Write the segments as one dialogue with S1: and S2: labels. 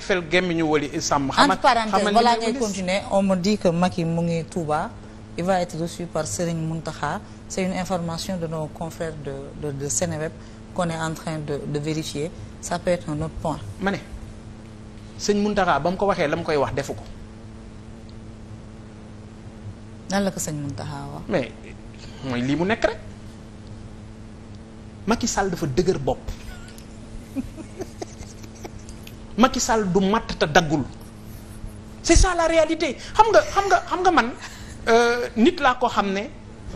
S1: fel gémmiñu wali sàmm. xam entre parenthèses balaa ngay continuer on me dit que Macky mu ngi Touba il va être reçu par Serigne Mountakha c'est une information de nos confrères de de de Seneweb qu'on en train de de vérifier ça peut être un autre point. ma ne sëñ Mountakha ba mu ko waxee la mu koy wax defu ko. nan la ko sëñ Mountakha wax. mais mooy lii mu nekk rek Macky Sall dafa dëgër bopp. Macky Sall du matt daggul c'est ça la réalité xam nga xam nga xam nga man euh, nit laa ko xam ne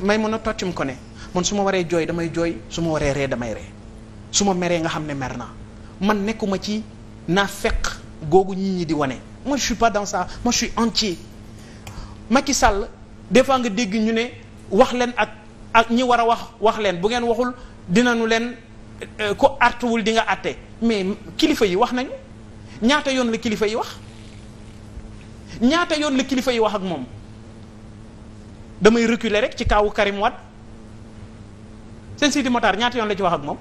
S1: may mën a toccum ko ne man su ma waree jooy damay jooy su ma waree ree damay ree su ma meree nga xam ne mer man nekkuma ci naa fekk googu nit ñi di wane moi je suis pas dans ça moi je entier Macky Sall des fois nga dégg ñu ne wax leen ak ak ñi war a wax wax leen bu ngeen waxul dinañu leen euh, ko artuwul di nga àtte mais kilifa yi wax nañu ñaata yoon la kilifa yi wax ñaata yoon la kilifa yi wax ak moom damay reculer rek ci kaawu Karim Wade seen Sidi Motaar ñaata yoon la ci wax ak moom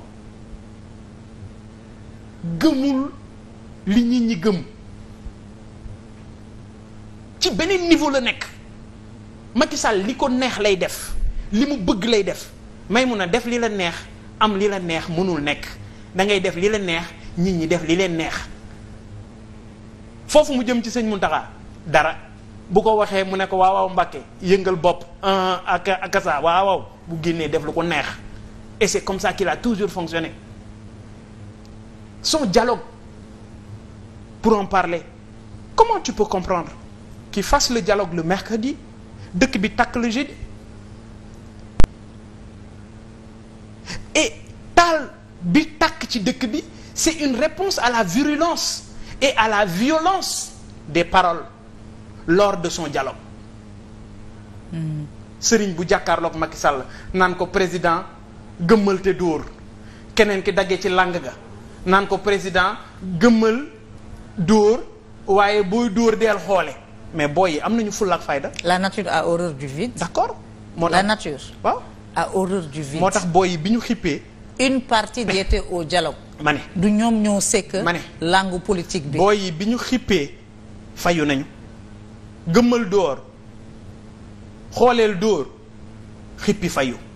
S1: gëmul li nit ñi gëm ci beneen niveau la nekk Macky Sall li ko neex lay def li mu bëgg lay def may mun a def li la neex am li la neex mënul nekk dangay def li la neex nit ñi def li leen neex foofu mu jëm ci sëñ Muntaxa dara bu ko waxee mu ne ko waaw waaw yëngal bopp ak ak saa bu génnee def lu ko neex et c'est comme ça qu'il a toujours fonctionné son dialogue pour en parler comment tu peux comprendre qu'il fasse le dialogue le mercredi dëkk bi takk le jeudi et taal bi takk ci dëkk bi c'est une réponse à la virulence et à la violence des paroles lors de son dialogue hmm. sëriñ bu jàkkaarloog Macky Sall naan ko président gëmmal te dóor keneen ki daggee ci làng ga naan ko président gëmmal dóor waaye booy dóor deel xoole mais booy yi am nañu fulla ak fayda. la nature à horreur du vide. d'accord moo tax la moo tax booy yi bi ñu xippee. une partie mais... était au dialogue. ma du ñoom ñoo sekk. ma ne bi. booy yi bi ñu xippee fayu nañu gëmmal dóor xooleel dóor xippi fayu.